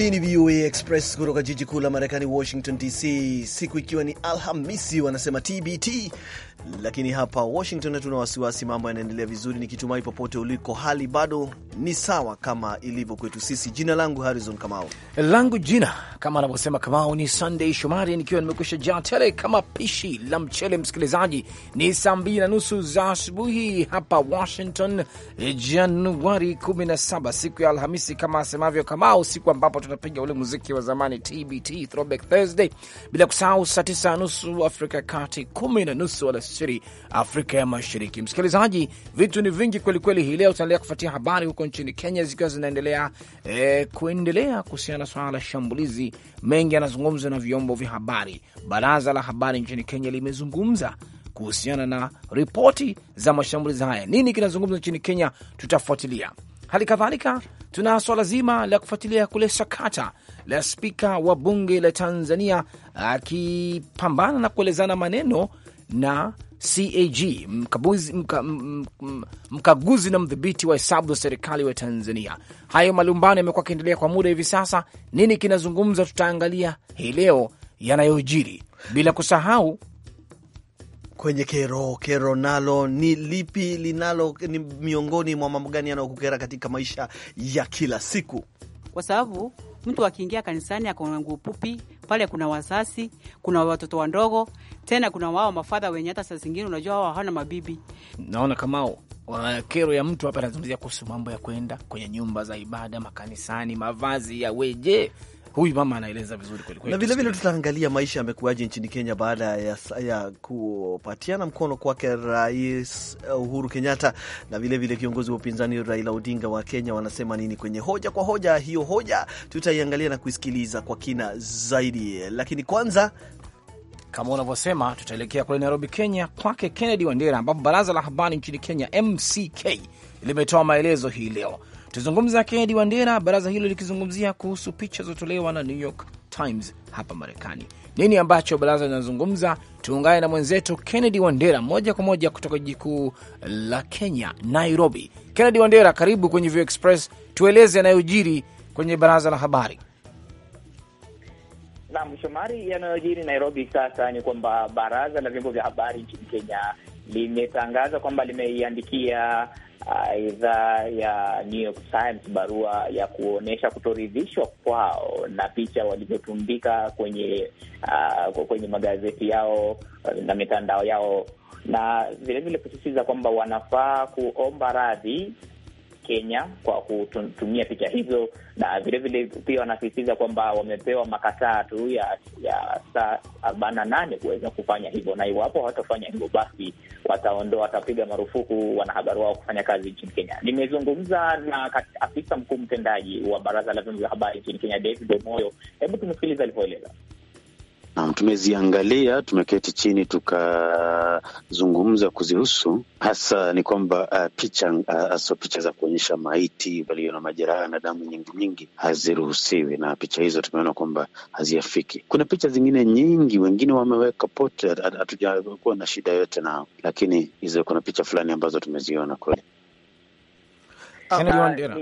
Hii ni VOA Express kutoka jiji kuu la Marekani, Washington DC, siku ikiwa ni Alhamisi, wanasema TBT, lakini hapa Washington tuna wasiwasi, mambo yanaendelea vizuri, nikitumai popote uliko hali bado ni sawa kama ilivyo kwetu sisi. Jina langu Harrison Kamau, langu jina kama anavyosema Kamau ni Sunday Shomari, nikiwa nimekwisha jaa tele kama pishi la mchele. Msikilizaji, ni saa mbili na nusu za asubuhi hapa Washington, Januari 17 siku ya Alhamisi, kama asemavyo Kamau, siku ambapo tunapiga ule muziki wa zamani TBT, Throwback Thursday, bila kusahau saa tisa na nusu Afrika ya Kati, kumi na nusu alasiri Afrika ya Mashariki. Msikilizaji, vitu ni vingi kwelikweli hii leo. Tunaendelea kufuatia habari huko nchini Kenya zikiwa zinaendelea eh, kuendelea kuhusiana na swala la shambulizi. Mengi yanazungumzwa na vyombo vya habari. Baraza la habari nchini Kenya limezungumza kuhusiana na ripoti za mashambulizi haya. Nini kinazungumzwa nchini Kenya? Tutafuatilia Hali kadhalika tuna swala zima la kufuatilia kule sakata la spika wa bunge la Tanzania akipambana na kuelezana maneno na CAG mkabuzi, mka, mkaguzi na mdhibiti wa hesabu za serikali wa Tanzania. Hayo malumbano yamekuwa akiendelea kwa muda hivi sasa. Nini kinazungumza? Tutaangalia hii leo yanayojiri bila kusahau kwenye kero. Kero nalo ni lipi? Linalo ni miongoni mwa mambo gani yanayokukera katika maisha ya kila siku? Kwa sababu mtu akiingia kanisani akaona nguo pupi pale, kuna wazazi, kuna watoto wandogo, tena kuna wao mafadha wenye hata saa zingine unajua wao hawana mabibi. Naona kamao kero ya mtu hapa anazungumzia kuhusu mambo ya kwenda kwenye nyumba za ibada, makanisani, mavazi yaweje Huyu mama anaeleza vizuri kweli kweli, na vilevile tutaangalia maisha yamekuaje nchini Kenya baada ya, ya kupatiana mkono kwake Rais uh, Uhuru Kenyatta na vilevile kiongozi wa upinzani Raila Odinga wa Kenya. Wanasema nini kwenye hoja kwa hoja? Hiyo hoja tutaiangalia na kuisikiliza kwa kina zaidi, lakini kwanza kama unavyosema tutaelekea kule Nairobi, Kenya, kwake Kennedy Wandera, ambapo baraza la habari nchini Kenya, MCK, limetoa maelezo hii leo Tuzungumza Kennedy Wandera, baraza hilo likizungumzia kuhusu picha zilizotolewa na New York Times hapa Marekani. Nini ambacho baraza linazungumza? Tuungane na mwenzetu Kennedy Wandera moja kwa moja kutoka jiji kuu la Kenya, Nairobi. Kennedy Wandera, karibu kwenye View Express, tueleze yanayojiri kwenye baraza la habari. Naam, Shomari, yanayojiri Nairobi sasa ni kwamba baraza la vyombo vya habari nchini Kenya limetangaza kwamba limeiandikia uh, idhaa ya New York Times barua ya kuonyesha kutoridhishwa kwao na picha walivyotundika kwenye uh, kwenye magazeti yao ah, na mitandao yao, na vilevile kusisitiza kwamba wanafaa kuomba radhi Kenya kwa kutumia picha hizo, na vilevile pia wanasisitiza kwamba wamepewa makataa tu ya ya saa arobaini na nane kuweza kufanya hivyo, na iwapo hawatafanya hivyo, basi wataondoa, watapiga marufuku wanahabari wao kufanya kazi nchini Kenya. Nimezungumza na afisa mkuu mtendaji wa baraza la vyombo vya habari nchini Kenya, David Omoyo. Hebu tumsikiliza alivyoeleza. Na tumeziangalia, tumeketi chini tukazungumza kuzihusu. Hasa ni kwamba uh, picha hasa uh, picha za kuonyesha maiti walio na majeraha na damu nyingi nyingi haziruhusiwi, na picha hizo tumeona kwamba haziafiki. Kuna picha zingine nyingi, wengine wameweka pote, hatujakuwa na shida yote nao, lakini hizo kuna picha fulani ambazo tumeziona kweli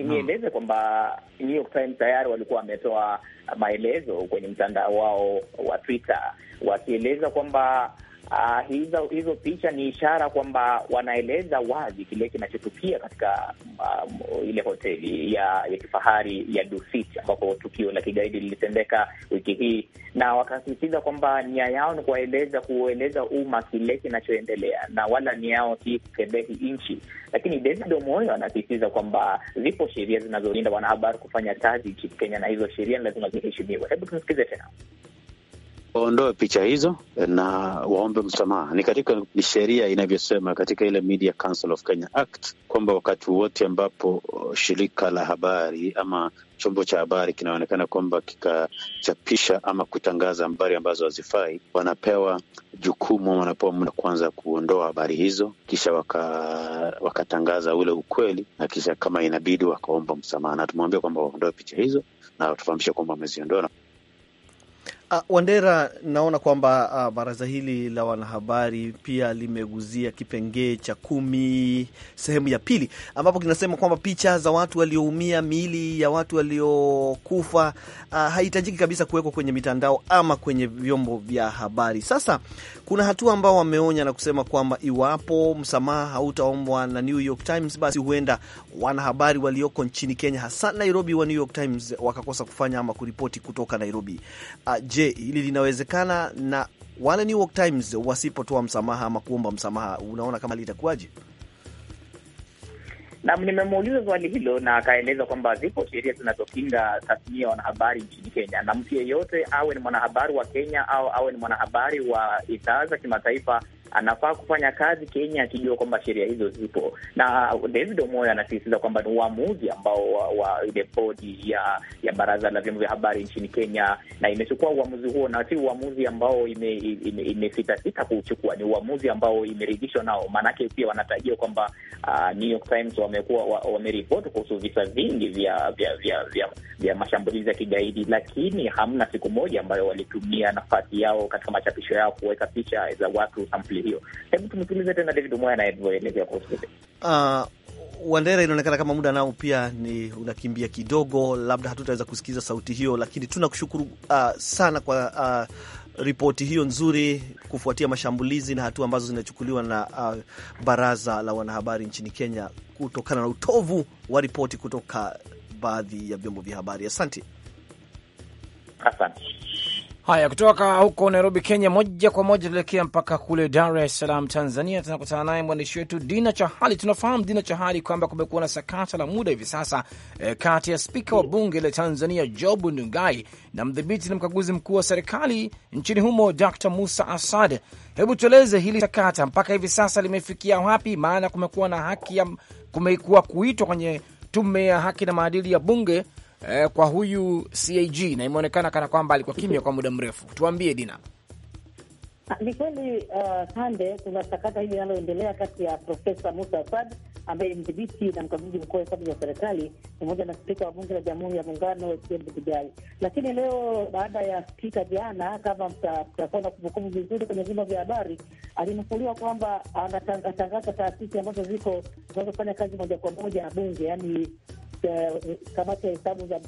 nieleze kwamba New York Times tayari walikuwa wametoa maelezo kwenye mtandao wao wa Twitter wakieleza kwamba Uh, hizo, hizo picha ni ishara kwamba wanaeleza wazi kile kinachotukia katika uh, ile hoteli ya, ya kifahari ya Dusit ambapo tukio la kigaidi lilitendeka wiki hii, na wakasisitiza kwamba nia yao ni kuwaeleza kueleza umma kile kinachoendelea na wala nia yao si kukebehi nchi. Lakini David Omoyo anasisitiza kwamba zipo sheria zinazolinda wanahabari kufanya kazi nchini Kenya na hizo sheria lazima ziheshimiwe. Hebu tumsikize tena waondoe picha hizo na waombe msamaha. Ni katika ni sheria inavyosema katika ile Media Council of Kenya Act kwamba wakati wote ambapo uh, shirika la habari ama chombo cha habari kinaonekana kwamba kikachapisha ama kutangaza habari ambazo hazifai, wanapewa jukumu, wanapewa muda kwanza kuondoa habari hizo, kisha wakatangaza waka ule ukweli, na kisha kama inabidi wakaomba msamaha, na tumwambia kwamba waondoe picha hizo na tufahamishe kwamba wameziondoa. Uh, Wandera, naona kwamba uh, baraza hili la wanahabari pia limeguzia kipengee cha kumi sehemu ya pili ambapo kinasema kwamba picha za watu walioumia, miili ya watu waliokufa uh, haihitajiki kabisa kuwekwa kwenye mitandao ama kwenye vyombo vya habari. Sasa kuna hatua ambao wameonya na kusema kwamba iwapo msamaha hautaombwa na New York Times, basi huenda wanahabari walioko nchini Kenya, hasa Nairobi, wa New York Times wakakosa kufanya ama kuripoti kutoka Nairobi uh, Je, hili linawezekana na wale New York Times wasipotoa msamaha ama kuomba msamaha, unaona kama litakuwaje? Nam, nimemuuliza swali hilo na akaeleza kwamba zipo sheria zinazokinga tasnia ya wanahabari nchini Kenya, na mtu yeyote awe ni mwanahabari wa Kenya au awe ni mwanahabari wa idhaa za kimataifa anafaa kufanya kazi Kenya akijua kwamba sheria hizo zipo. Na uh, David Omoyo anasisitiza kwamba ni uamuzi ambao wa, wa ile bodi ya ya baraza la vyombo vya habari nchini Kenya, na imechukua uamuzi huo na si uamuzi ambao imesitasita ime, ime kuuchukua. Ni uamuzi ambao imeridhishwa nao, maanake pia wanatarajia kwamba uh, New York Times wamekuwa wameripoti kuhusu visa vingi vya vya vya, vya, vya mashambulizi ya kigaidi, lakini hamna siku moja ambayo walitumia nafasi yao katika machapisho yao kuweka picha za watu hali hiyo. Hebu tumsikilize tena David Mwaya anavyoelezea kuhusu uh, Wandera. Inaonekana kama muda nao pia ni unakimbia kidogo, labda hatutaweza kusikiliza sauti hiyo, lakini tunakushukuru uh, sana kwa uh, ripoti hiyo nzuri kufuatia mashambulizi na hatua ambazo zinachukuliwa na uh, baraza la wanahabari nchini Kenya kutokana na utovu wa ripoti kutoka baadhi ya vyombo vya habari. Asante, asante. Haya, kutoka huko Nairobi, Kenya, moja kwa moja tuelekea mpaka kule Dar es Salaam, Tanzania. Tunakutana naye mwandishi wetu Dina Chahali. Tunafahamu Dina Chahali kwamba kumekuwa na sakata la muda hivi sasa eh, kati ya spika wa bunge la Tanzania job Ndugai na mdhibiti na mkaguzi mkuu wa serikali nchini humo Dr Musa Asad. Hebu tueleze hili sakata mpaka hivi sasa limefikia wapi? Maana kumekuwa na haki ya kumekuwa kuitwa kwenye tume ya haki na maadili ya bunge eh, kwa huyu CAG na imeonekana kana kwamba alikuwa kimya kwa muda mrefu. Tuambie Dina. Ah, ni kweli uh, Sande, uh, kuna sakata hili linaloendelea kati ya Profesa Musa Asad ambaye mdhibiti na mkaguzi mkuu wa hesabu za serikali pamoja na spika wa bunge la jamhuri ya muungano Etienne Lakini leo baada ya spika jana, kama mtakuwa kumbukumbu vizuri kwenye vyombo vya habari, alinukuliwa kwamba anatangaza taasisi ambazo ziko zinazofanya kazi moja kwa moja na bunge, yaani Eh, kamati ya hesabu za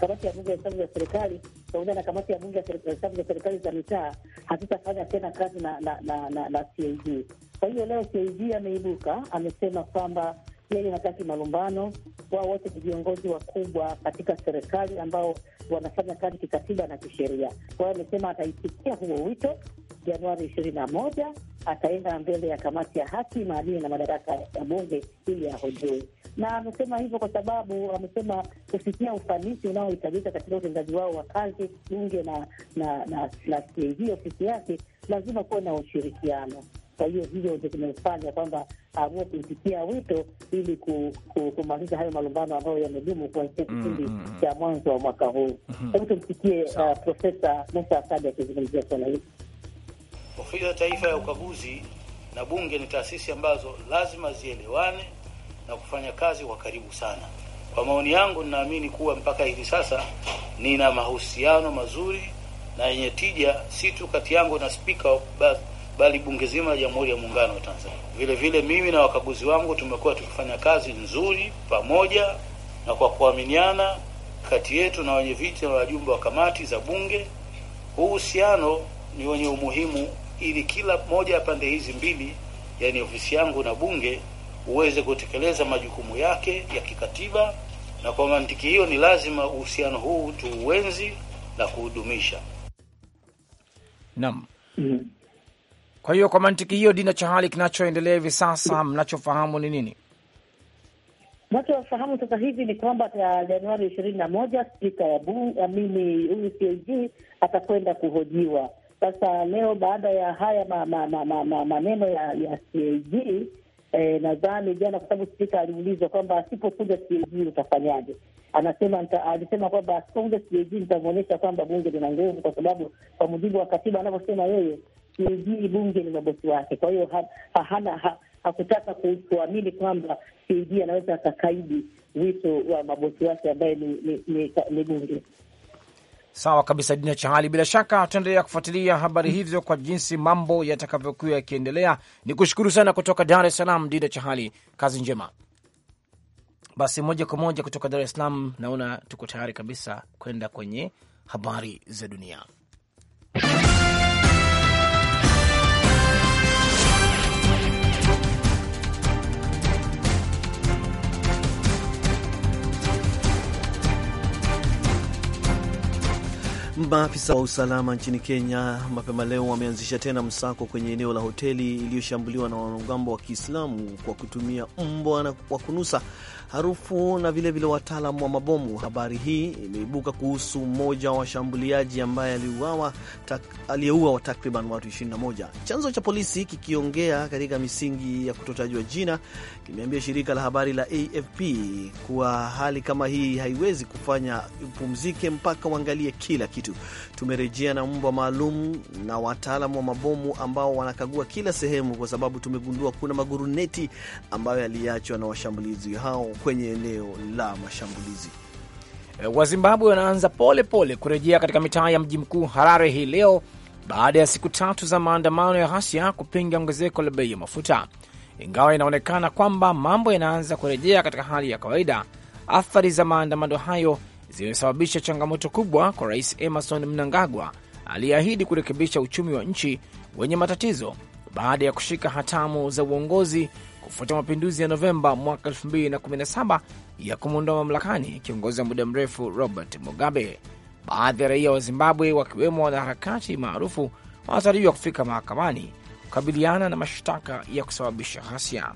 kamati ya bunge ya hesabu za serikali pamoja na kamati ya bunge ya hesabu za serikali za mitaa hatutafanya tena kazi na na na, na, na CAG. Kwa hiyo leo CAG ameibuka amesema kwamba yeye hataki malumbano. Wao wote ni viongozi wakubwa katika serikali ambao wanafanya kazi kikatiba na kisheria. Kwa hiyo amesema ataitikia huo wito Januari ishirini na moja ataenda mbele ya kamati ya haki, maadili na madaraka ya bunge ili ahojiwe. Na amesema hivyo kwa sababu amesema kufikia ufanisi unaohitajika katika utendaji wao wa kazi bunge na na na, na CAG ofisi yake lazima kuwe na ushirikiano. Kwa hiyo hiyo ndio kimefanya kwamba amua kuitikia wito ili kumaliza hayo malumbano ambayo yamedumu kuanzia kipindi mm, mm, mm. cha mwanzo wa mwaka huu. Mm-hmm. Hebu tumsikie uh, Profesa Musa Asadi akizungumzia swala hili. Ofisi ya Taifa ya Ukaguzi na Bunge ni taasisi ambazo lazima zielewane na kufanya kazi kwa karibu sana. Kwa maoni yangu, ninaamini kuwa mpaka hivi sasa nina mahusiano mazuri na yenye tija, si tu kati yangu na spika bali bunge zima la Jamhuri ya Muungano wa Tanzania. Vile vile mimi na wakaguzi wangu tumekuwa tukifanya kazi nzuri pamoja na kwa kuaminiana kati yetu na wenye viti na wajumbe wa kamati za bunge. uhusiano ni wenye umuhimu ili kila moja ya pande hizi mbili, yani ofisi yangu na bunge, uweze kutekeleza majukumu yake ya kikatiba, na kwa mantiki hiyo ni lazima uhusiano huu tuuenzi na kuhudumisha. Naam. Mm. Kwa hiyo kwa mantiki hiyo, Dina Chahali, kinachoendelea hivi sasa mm-hmm. mnachofahamu ni nini? Nachofahamu sasa hivi ni kwamba Januari ishirini na moja spika ya bunge, amini huyu CAG atakwenda kuhojiwa sasa leo baada ya haya ma, ma, ma, ma, ma, maneno ya, ya CAG eh, nadhani jana, kwa sababu spika aliulizwa kwamba asipokuja CAG utafanyaje, anasema alisema kwamba asipokuja CAG nitamwonyesha kwamba bunge lina nguvu, kwa sababu kwa mujibu wa katiba anavyosema yeye, CAG bunge ni mabosi wake. Kwa hiyo hahana ha, hakutaka kuamini kwamba CAG anaweza akakaidi wito wa mabosi wake ambaye ni bunge. Sawa kabisa, Dina Chahali, bila shaka tutaendelea kufuatilia habari mm. hizo kwa jinsi mambo yatakavyokuwa yakiendelea. Ni kushukuru sana kutoka Dar es Salaam, Dina Chahali, kazi njema. Basi moja kwa moja kutoka Dar es Salaam, naona tuko tayari kabisa kwenda kwenye habari za dunia. Maafisa wa usalama nchini Kenya mapema leo wameanzisha tena msako kwenye eneo la hoteli iliyoshambuliwa na wanamgambo wa Kiislamu kwa kutumia mbwa wa kunusa harufu na vilevile wataalamu wa mabomu. Habari hii imeibuka kuhusu mmoja wa washambuliaji ambaye aliuawa aliyeua takriban watu 21. Chanzo cha polisi kikiongea katika misingi ya kutotajwa jina kimeambia shirika la habari la AFP kuwa hali kama hii haiwezi kufanya upumzike mpaka uangalie kila kitu. Tumerejea na mbwa maalum na wataalamu wa mabomu ambao wanakagua kila sehemu, kwa sababu tumegundua kuna maguruneti ambayo yaliachwa na washambulizi hao kwenye eneo la mashambulizi. Eh, Wazimbabwe wanaanza pole pole kurejea katika mitaa ya mji mkuu Harare hii leo baada ya siku tatu za maandamano ya ghasia kupinga ongezeko la bei ya mafuta. Ingawa inaonekana kwamba mambo yanaanza kurejea katika hali ya kawaida, athari za maandamano hayo zimesababisha changamoto kubwa kwa Rais Emerson Mnangagwa aliyeahidi kurekebisha uchumi wa nchi wenye matatizo baada ya kushika hatamu za uongozi kufuatia mapinduzi ya Novemba mwaka 2017 ya kumwondoa mamlakani kiongozi wa muda mrefu Robert Mugabe. Baadhi ya raia wa Zimbabwe, wakiwemo wanaharakati maarufu, wanatarajiwa kufika mahakamani kukabiliana na mashtaka ya kusababisha ghasia.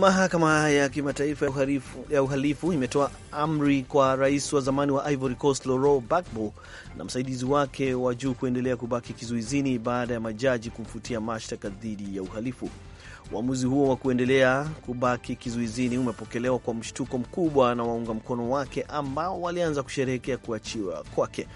Mahakama ya Kimataifa ya Uhalifu, ya Uhalifu imetoa amri kwa rais wa zamani wa Ivory Coast Laurent Gbagbo na msaidizi wake wa juu kuendelea kubaki kizuizini baada ya majaji kumfutia mashtaka dhidi ya uhalifu. Uamuzi huo wa kuendelea kubaki kizuizini umepokelewa kwa mshtuko mkubwa na waunga mkono wake ambao walianza kusherehekea kuachiwa kwake.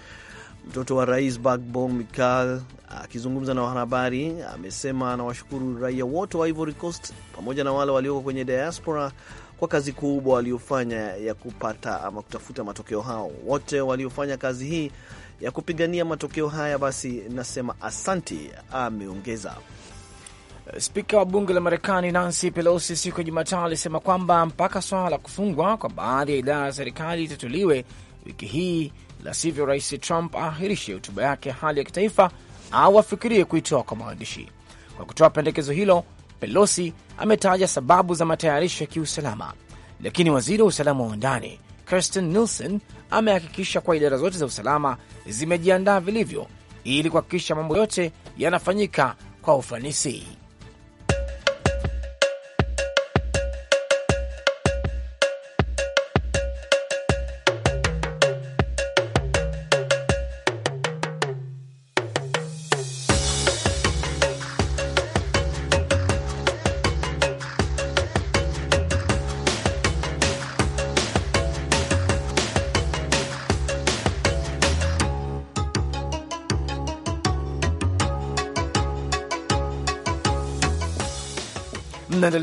Mtoto wa rais Bagbo Mikal akizungumza na wanahabari amesema anawashukuru raia wote wa Ivory Coast pamoja na wale walioko kwenye diaspora kwa kazi kubwa waliofanya ya kupata ama kutafuta matokeo hao. Wote waliofanya kazi hii ya kupigania matokeo haya, basi nasema asanti, ameongeza. Spika wa bunge la Marekani Nancy Pelosi siku ya Jumatano alisema kwamba mpaka swala la kufungwa kwa baadhi ya idara ya serikali itatuliwe wiki hii, la sivyo Rais Trump aahirishe hotuba yake hali ya kitaifa au afikirie kuitoa kwa mwandishi Kwa kutoa pendekezo hilo, Pelosi ametaja sababu za matayarisho ya kiusalama, lakini waziri wa usalama wa ndani Kirsten Nielsen amehakikisha kuwa idara zote za usalama zimejiandaa vilivyo ili kuhakikisha mambo yote yanafanyika kwa ufanisi.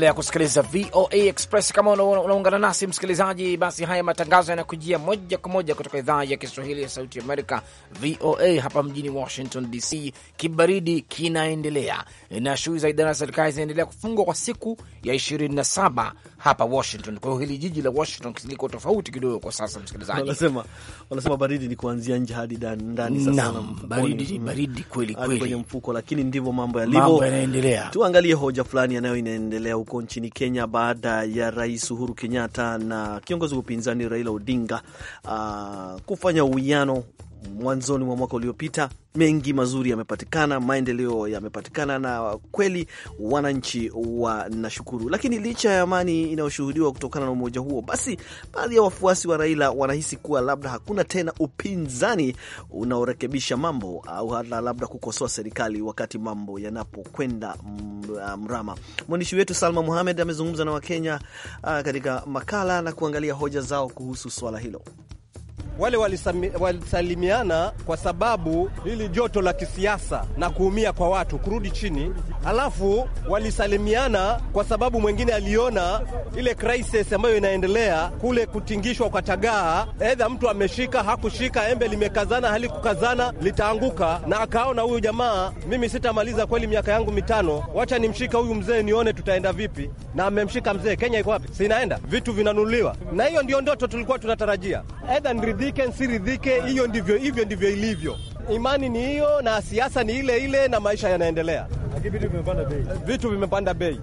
unaendelea kusikiliza VOA Express. Kama unaungana nasi msikilizaji, basi haya matangazo yanakujia moja kwa moja kutoka idhaa ya Kiswahili ya Sauti Amerika, VOA hapa mjini Washington DC. Kibaridi kinaendelea na shughuli za idara ya serikali zinaendelea kufungwa kwa siku ya 27 hapa Washington. Kwa hiyo hili jiji la Washington liko tofauti kidogo kwa sasa, msikilizaji. Wanasema wanasema baridi ni kuanzia nje hadi ndani, sasa na baridi baridi kweli kweli kwenye mfuko, lakini ndivyo mambo yalivyo, mambo yanaendelea. Tuangalie hoja fulani yanayo inaendelea huko nchini Kenya baada ya Rais Uhuru Kenyatta na kiongozi wa upinzani Raila Odinga uh, kufanya uwiano mwanzoni mwa mwaka uliopita, mengi mazuri yamepatikana, maendeleo yamepatikana, na kweli wananchi wanashukuru. Lakini licha ya amani inayoshuhudiwa kutokana na umoja huo, basi baadhi ya wafuasi wa Raila wanahisi kuwa labda hakuna tena upinzani unaorekebisha mambo au hata labda kukosoa serikali wakati mambo yanapokwenda mm, mrama. Mwandishi wetu Salma Muhamed amezungumza na Wakenya ah, katika makala na kuangalia hoja zao kuhusu swala hilo wale walisalimiana kwa sababu lili joto la kisiasa na kuumia kwa watu kurudi chini, alafu walisalimiana kwa sababu mwengine aliona ile crisis ambayo inaendelea kule, kutingishwa kwa tagaa, edha mtu ameshika hakushika, embe limekazana halikukazana, litaanguka, na akaona huyu jamaa, mimi sitamaliza kweli miaka yangu mitano, wacha nimshika huyu mzee nione tutaenda vipi na amemshika mzee. Kenya iko wapi? Sinaenda, vitu vinanunuliwa, na hiyo ndio ndoto tulikuwa tunatarajia. Edha nridhike nsiridhike, hiyo ndivyo, hivyo ndivyo ilivyo. Imani ni hiyo na siasa ni ile ile, na maisha yanaendelea. Vitu vimepanda bei,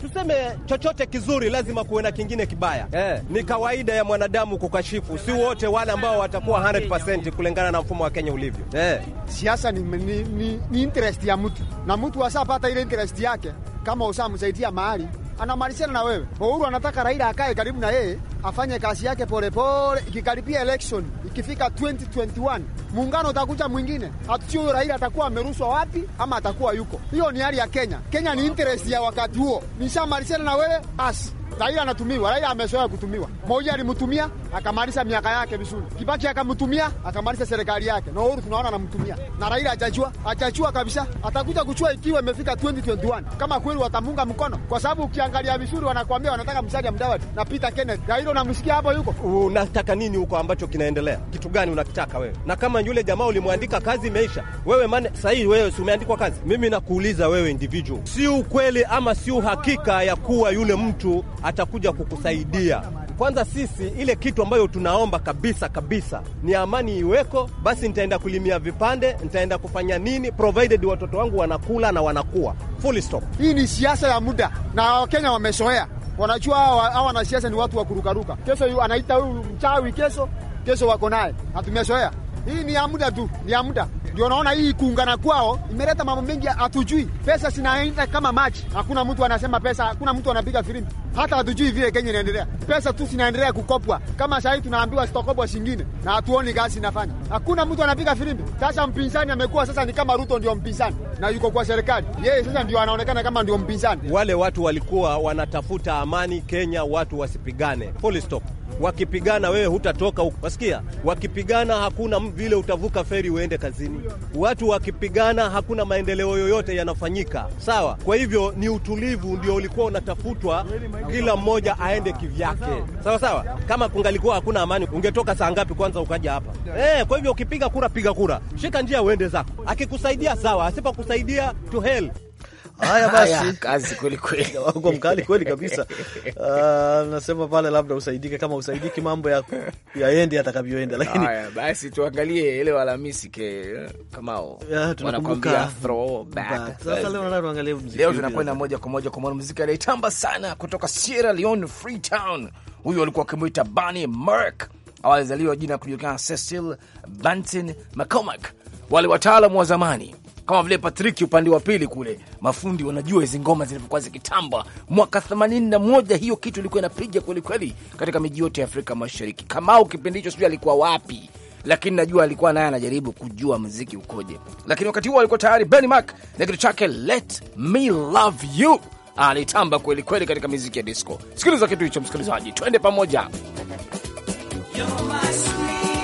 tuseme chochote kizuri lazima kuwe na kingine kibaya eh. Ni kawaida ya mwanadamu kukashifu, si wote wale ambao watakuwa 100% kulingana na mfumo wa Kenya ulivyo eh. Siasa ni, ni, ni, ni interest ya mtu na mtu asapata ile interest yake kama usamsaidia mahali anamalisiana na wewe. Uhuru anataka Raila akae karibu na yeye afanye kazi yake polepole, ikikaribia election, ikifika 2021 muungano utakuja mwingine. Hatujui huyo Raila atakuwa ameruswa wapi ama atakuwa yuko. Hiyo ni hali ya Kenya. Kenya ni interest ya wakati huo. nishamalisiana na wewe, basi Raila anatumiwa. Raila amezoea kutumiwa. Moja alimtumia akamaliza miaka yake vizuri. Kibaki akamtumia akamaliza serikali yake, na Uhuru tunaona anamtumia, na Raila ajachua ajachua kabisa. Atakuja kuchua ikiwa imefika 2021 kama kweli watamunga mkono, kwa sababu ukiangalia vizuri wanakwambia wanataka Musalia Mudavadi na Peter Kenneth. Raila unamsikia hapo, yuko unataka nini huko ambacho kinaendelea? Kitu gani unakitaka wewe? Na kama yule jamaa ulimwandika kazi imeisha, wewe mane sahii, wewe si umeandikwa kazi? Mimi nakuuliza wewe individual, si ukweli ama si uhakika ya kuwa yule mtu atakuja kukusaidia kwanza sisi ile kitu ambayo tunaomba kabisa kabisa ni amani iweko, basi nitaenda kulimia vipande, nitaenda kufanya nini, provided watoto wangu wanakula na wanakuwa full stop. Hii ni siasa ya muda na Wakenya wamezoea, wanajua hawa wanasiasa ni watu wa kurukaruka. Kesho anaita huyu mchawi, kesho kesho wako naye, hatumezoea hii ni ya muda tu, ni ya muda ndio. Naona hii kuungana kwao imeleta mambo mengi, hatujui. Pesa zinaenda kama maji, hakuna mtu anasema pesa, hakuna mtu anapiga firimbi hata hatujui vile Kenya inaendelea. Pesa tu zinaendelea kukopwa, kama sahii tunaambiwa zitakopwa zingine na hatuoni gasi inafanya, hakuna mtu anapiga firimbi Sasa mpinzani amekuwa sasa ni kama Ruto ndio mpinzani na yuko kwa serikali, yeye sasa ndio anaonekana kama ndio mpinzani. Wale watu walikuwa wanatafuta amani Kenya, watu wasipigane, full stop. Wakipigana wewe hutatoka huko, wasikia? Wakipigana hakuna vile utavuka feri uende kazini. Watu wakipigana hakuna maendeleo yoyote yanafanyika, sawa? Kwa hivyo ni utulivu ndio ulikuwa unatafutwa, kila mmoja aende kivyake, sawa sawa. Kama kungalikuwa hakuna amani, ungetoka saa ngapi kwanza ukaja hapa eh? Kwa hivyo ukipiga kura, piga kura, shika njia uende zako. Akikusaidia sawa, asipokusaidia to hell. Haya basi, kazi kweli kweli, wako mkali kweli kabisa. Uh, nasema pale labda usaidike, kama usaidiki mambo ya yaende atakavyoenda, lakini haya basi, tuangalie ile Alhamisi ke kamao eh, tunakumbuka throwback. Sasa leo na tuangalie muziki, leo tunakwenda moja kwa moja kwa mwanamuziki anayetamba sana kutoka Sierra Leone Freetown. Huyu alikuwa akimwita Bunny Merck, awalizaliwa jina kujulikana Cecil Bantin McCormack, wale wataalamu wa zamani kama vile Patrick upande wa pili kule, mafundi wanajua hizi ngoma zilivyokuwa zikitamba mwaka 81. Hiyo kitu ilikuwa inapiga kweli kweli katika miji yote ya Afrika Mashariki. Kamau kipindi hicho sijui alikuwa wapi, lakini najua alikuwa naye anajaribu kujua mziki ukoje, lakini wakati huo alikuwa tayari Benny Mac na kitu chake Let Me Love You alitamba kweli kweli katika miziki ya disco. Sikiliza kitu hicho msikilizaji, twende pamoja. You're my sweet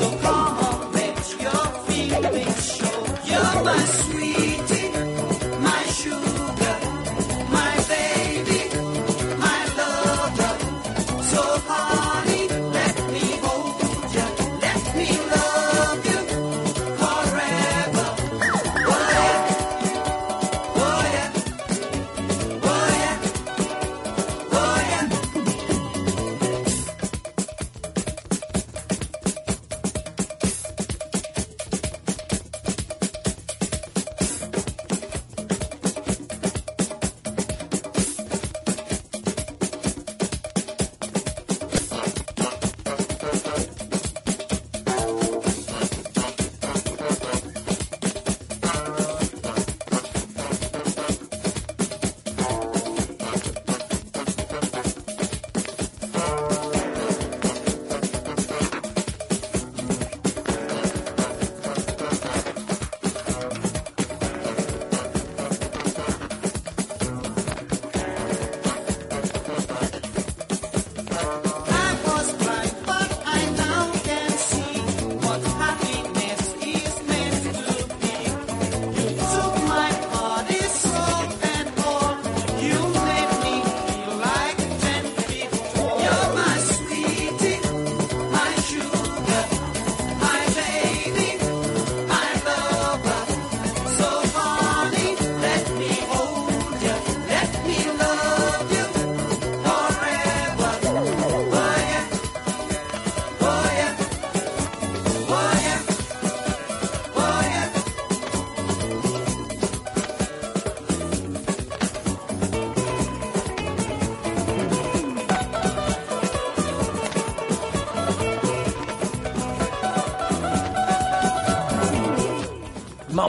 So come on, let your feelings show. You're my sweet.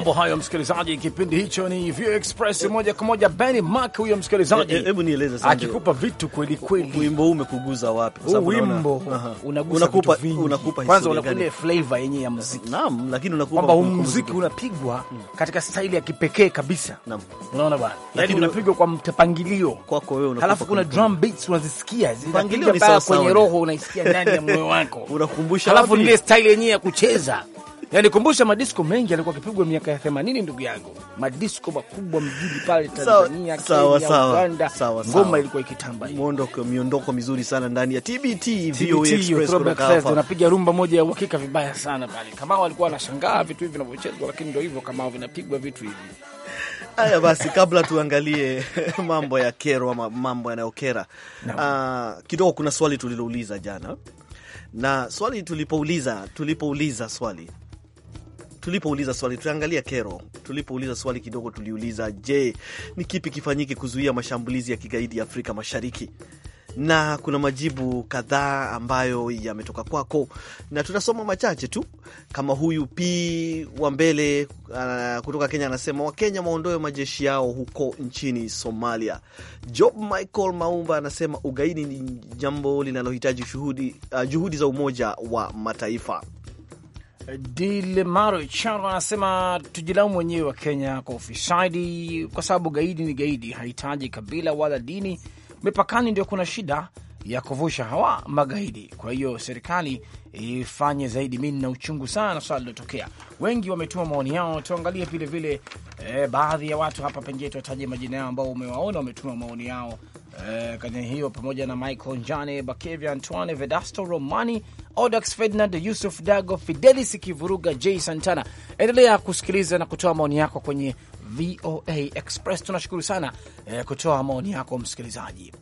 mambo hayo, msikilizaji. Kipindi hicho ni View Express moja kwa moja. Ben Mark huyo msikilizaji, e, e, hebu nieleze sasa, akikupa vitu kweli kweli, wimbo huu umekuguza wapi? Kwa sababu wimbo unakupa unakupa kwanza, unakupa flavor yenyewe ya muziki. Naam, lakini unakupa kwamba muziki unapigwa hmm. katika staili ya kipekee kabisa. Naam, unaona bwana, yaani lakini unapigwa kwa mtapangilio kwako wewe, unakupa halafu kuna drum beats unazisikia, zinapigwa kwenye roho, unaisikia ndani ya moyo wako, unakumbusha halafu ile staili yenyewe ya kucheza yanikumbusha madisko mengi yalikuwa akipigwa miaka ya themanini, ndugu yangu, madisko makubwa mjini pale Tanzania, sawa, Kenya, sawa, Uganda, sawa, ngoma ilikuwa ikitamba miondoko, mizuri sana ndani ya TBT, Unapiga rumba moja ya uhakika vibaya sana pale, kama walikuwa wanashangaa vitu hivi vinavyochezwa, lakini ndo hivyo kama vinapigwa vitu hivi. Haya basi, kabla tuangalie mambo ya kero ama mambo yanayokera no. Uh, ah, kidogo kuna swali tulilouliza jana na swali tulipouliza tulipouliza swali tulipouliza swali, tuangalia kero. Tulipouliza swali kidogo, tuliuliza je, ni kipi kifanyike kuzuia mashambulizi ya kigaidi ya Afrika Mashariki? na kuna majibu kadhaa ambayo yametoka kwako, na tunasoma machache tu, kama huyu P wa mbele uh, kutoka Kenya anasema Wakenya waondoe majeshi yao huko nchini Somalia. Job Michael Maumba anasema ugaidi ni jambo linalohitaji uh, juhudi za Umoja wa Mataifa. Dilemaro Charo anasema tujilaumu wenyewe wa Kenya kwa ufisadi, kwa sababu gaidi ni gaidi, hahitaji kabila wala dini. Mipakani ndio kuna shida ya kuvusha hawa magaidi. Kwa hiyo serikali ifanye zaidi. Mi nina uchungu sana swala lilotokea. Wengi wametuma maoni yao, tuangalie vilevile e, eh, baadhi ya watu hapa, pengine tuwataje majina yao ambao umewaona wametuma maoni yao eh, kwenye hiyo pamoja na Michael Njane, Bakevia Antoine, Vedasto Romani, Odax Ferdinand, Yusuf Dago, Fidelis Kivuruga, J Santana. Endelea kusikiliza na kutoa maoni yako kwenye VOA Express. Tunashukuru sana eh, kutoa maoni yako msikilizaji.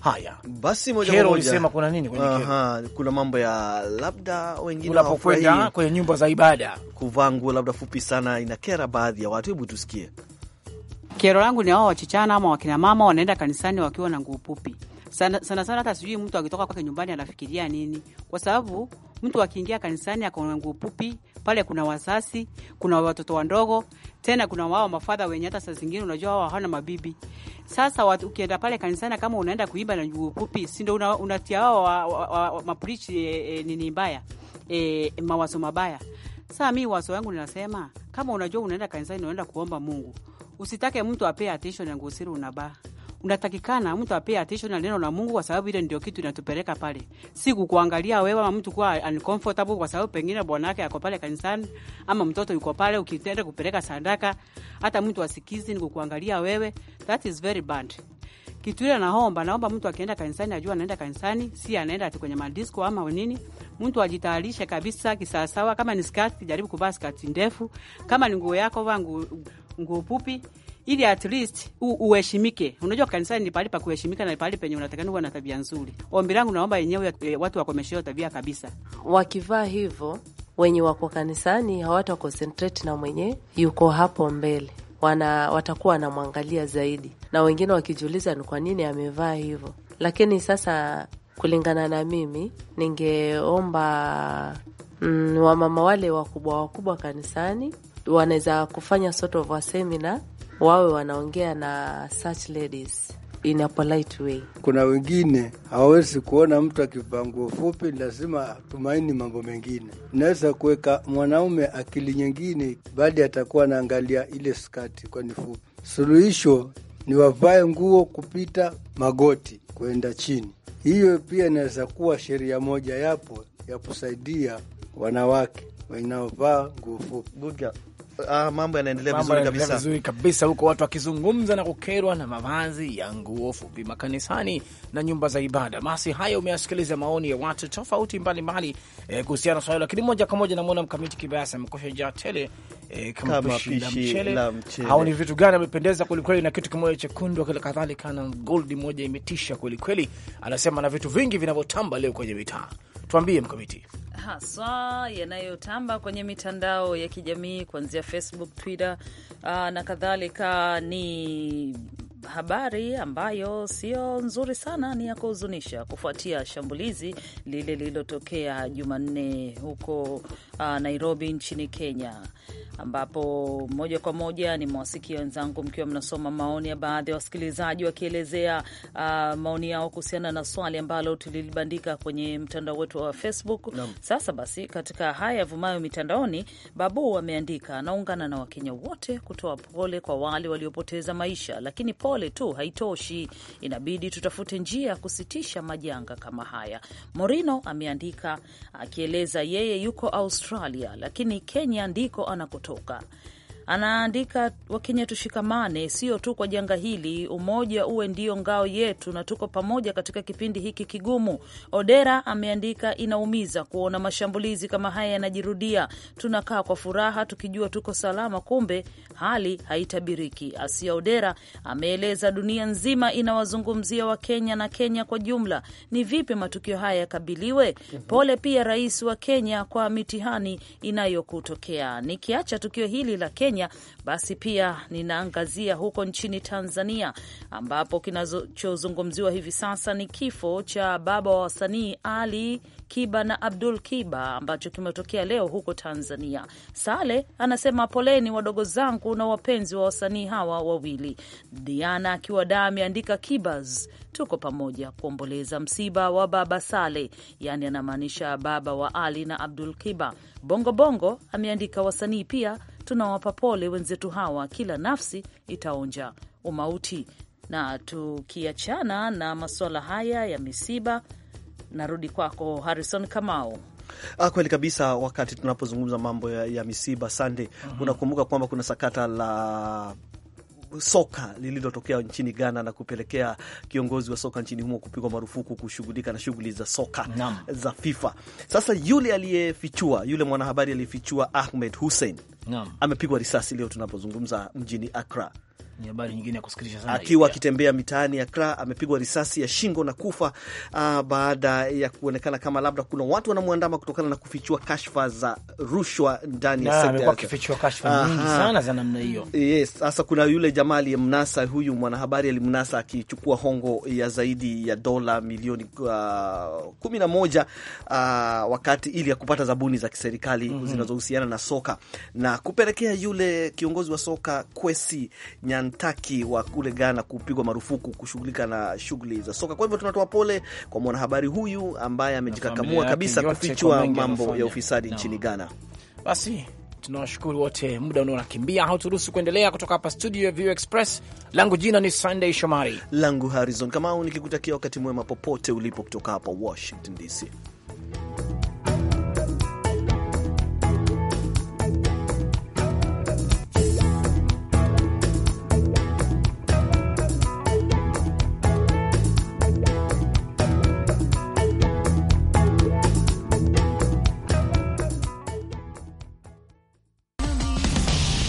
Haya basi, moja kwa moja ulisema kuna nini kwenye kero? Aha, kuna mambo ya labda wengine unapokwenda kwenye nyumba za ibada kuvaa nguo labda fupi sana inakera baadhi ya watu. Hebu tusikie. Kero langu ni wao wachichana ama wakina mama wanaenda kanisani wakiwa na nguo fupi sana sana, sana. hata sijui mtu akitoka kwake nyumbani anafikiria nini, kwa sababu mtu akiingia kanisani akaona nguo fupi pale, kuna wasasi, kuna watoto wadogo, tena kuna wao mafadha wenye hata saa zingine unajua wao hawana mabibi. Sasa watu, ukienda pale kanisani kama unaenda kuimba na nguo fupi, si ndio una, unatia wao wa, wa, wa, wa, maprichi e, e, nini mbaya e, mawazo mabaya. Sasa mi wazo wangu ninasema kama unajua unaenda kanisani unaenda kuomba Mungu Usitake mtu apee attention na ngosiri unaba unatakikana mtu apee attention na neno la Mungu kwa sababu ile ndio kitu inatupeleka pale, si kukuangalia wewe ama mtu kuwa uncomfortable kwa sababu pengine bwana yake yako pale kanisani ama mtoto yuko pale, ukitenda kupeleka sadaka hata mtu asikizi, ni kukuangalia wewe. That is very bad kitu ile. Naomba naomba mtu akienda kanisani ajue anaenda kanisani, si anaenda ati kwenye madisco ama nini. Mtu ajitayarishe kabisa kisawasawa. Kama ni skati, jaribu kuvaa skati ndefu. Kama ni nguo yako, vaa nguo nguo fupi ili at least uheshimike. Unajua kanisani ni pahali pa kuheshimika na pahali penye unatakana huwa na tabia nzuri. Ombi langu naomba yenyewe e, watu wakomeshe tabia kabisa. Wakivaa hivyo, wenye wako kanisani hawata concentrate na mwenye yuko hapo mbele wana watakuwa wanamwangalia zaidi, na wengine wakijiuliza ni kwa nini amevaa hivyo. Lakini sasa kulingana na mimi, ningeomba mm, wamama wale wakubwa wakubwa kanisani wanaweza kufanya sort of a seminar, wawe wanaongea na such ladies in a polite way. Kuna wengine hawawezi kuona mtu akivaa nguo fupi, lazima tumaini mambo mengine. inaweza kuweka mwanaume akili nyingine, bali atakuwa anaangalia ile skati, kwani fupi. Suluhisho ni wavae nguo kupita magoti kwenda chini. Hiyo pia inaweza kuwa sheria moja yapo ya kusaidia wanawake wanaovaa nguo fupi. Ah, mambo yanaendelea vizuri kabisa, vizuri kabisa huko, watu wakizungumza na kukerwa na mavazi ya nguo fupi makanisani na nyumba za ibada. Basi haya, umeasikiliza maoni ya watu tofauti mbalimbali eh, kuhusiana na swala, lakini moja kwa moja namwona mkamiti kibayasi amekosha jaa tele eh, kama pishi la mchele, au ni vitu gani amependeza kwelikweli, na kitu kimoja chekundu kile kadhalika, na gold moja imetisha kwelikweli. Anasema na vitu vingi vinavyotamba leo kwenye mitaa. Tuambie mkamiti haswa yanayotamba kwenye mitandao ya kijamii kuanzia Facebook, Twitter uh, na kadhalika ni habari ambayo sio nzuri sana, ni ya kuhuzunisha, kufuatia shambulizi lile lililotokea Jumanne huko uh, Nairobi nchini Kenya, ambapo moja kwa moja nimewasikia wenzangu mkiwa mnasoma maoni ya baadhi ya wasikilizaji wakielezea uh, maoni yao kuhusiana na swali ambalo tulilibandika kwenye mtandao wetu wa Facebook no. Sasa basi, katika haya yavumayo mitandaoni, Babu ameandika anaungana na Wakenya wote kutoa pole kwa wale waliopoteza maisha, lakini pole pole tu haitoshi, inabidi tutafute njia ya kusitisha majanga kama haya, Morino ameandika akieleza yeye yuko Australia, lakini Kenya ndiko anakotoka anaandika, Wakenya tushikamane, sio tu kwa janga hili, umoja uwe ndio ngao yetu, na tuko pamoja katika kipindi hiki kigumu. Odera ameandika, inaumiza kuona mashambulizi kama haya yanajirudia. Tunakaa kwa furaha tukijua tuko salama, kumbe hali haitabiriki. Asia Odera ameeleza, dunia nzima inawazungumzia Wakenya na Kenya kwa jumla, ni vipi matukio haya yakabiliwe. Mhm. Pole pia rais wa Kenya kwa mitihani inayokutokea. Nikiacha tukio hili la Kenya Kenya, basi pia ninaangazia huko nchini Tanzania ambapo kinachozungumziwa hivi sasa ni kifo cha baba wa wasanii Ali Kiba na Abdul Kiba ambacho kimetokea leo huko Tanzania. Sale anasema poleni wadogo zangu na wapenzi wa wasanii hawa wawili. Diana akiwa da ameandika Kibas, tuko pamoja kuomboleza msiba wa baba Sale, yaani anamaanisha baba wa Ali na Abdul Kiba. Bongo Bongo ameandika wasanii pia tunawapa pole wenzetu hawa, kila nafsi itaonja umauti. Na tukiachana na masuala haya ya misiba, narudi kwako Harrison Kamau. Ah, kweli kabisa, wakati tunapozungumza mambo ya, ya misiba sande, mm Unakumbuka kwamba kuna sakata la soka lililotokea nchini Ghana na kupelekea kiongozi wa soka nchini humo kupigwa marufuku kushughulika na shughuli za soka Nam. za FIFA. Sasa yule aliyefichua, yule mwanahabari aliyefichua Ahmed Hussein amepigwa risasi leo tunapozungumza mjini Accra ni habari nyingine ya kusikitisha sana. Akiwa akitembea mitaani ya Kra amepigwa risasi ya shingo na kufa uh, baada ya kuonekana kama labda kuna watu wanamwandama kutokana na kufichua kashfa za rushwa ndani ya ah, sekta. Akifichua kashfa nyingi sana za namna hiyo. Yes, sasa kuna yule jamaa aliyemnasa huyu mwanahabari alimnasa akichukua hongo ya zaidi ya dola milioni uh, kumi na moja uh, wakati ili ya kupata zabuni za kiserikali mm -hmm. zinazohusiana na soka na kupelekea yule kiongozi wa soka Kwesi Nyan Kantaki wa kule Ghana kupigwa marufuku kushughulika na shughuli za soka. Kwa hivyo tunatoa pole kwa mwanahabari huyu ambaye amejikakamua kabisa kufichua mambo ya ufisadi no. nchini Ghana. Basi tunawashukuru wote, muda unaonakimbia hauturuhusu kuendelea. Kutoka hapa studio ya View Express, langu jina ni Sunday Shomari, langu Harrison Kamau, nikikutakia wakati mwema popote ulipo, kutoka hapa Washington DC.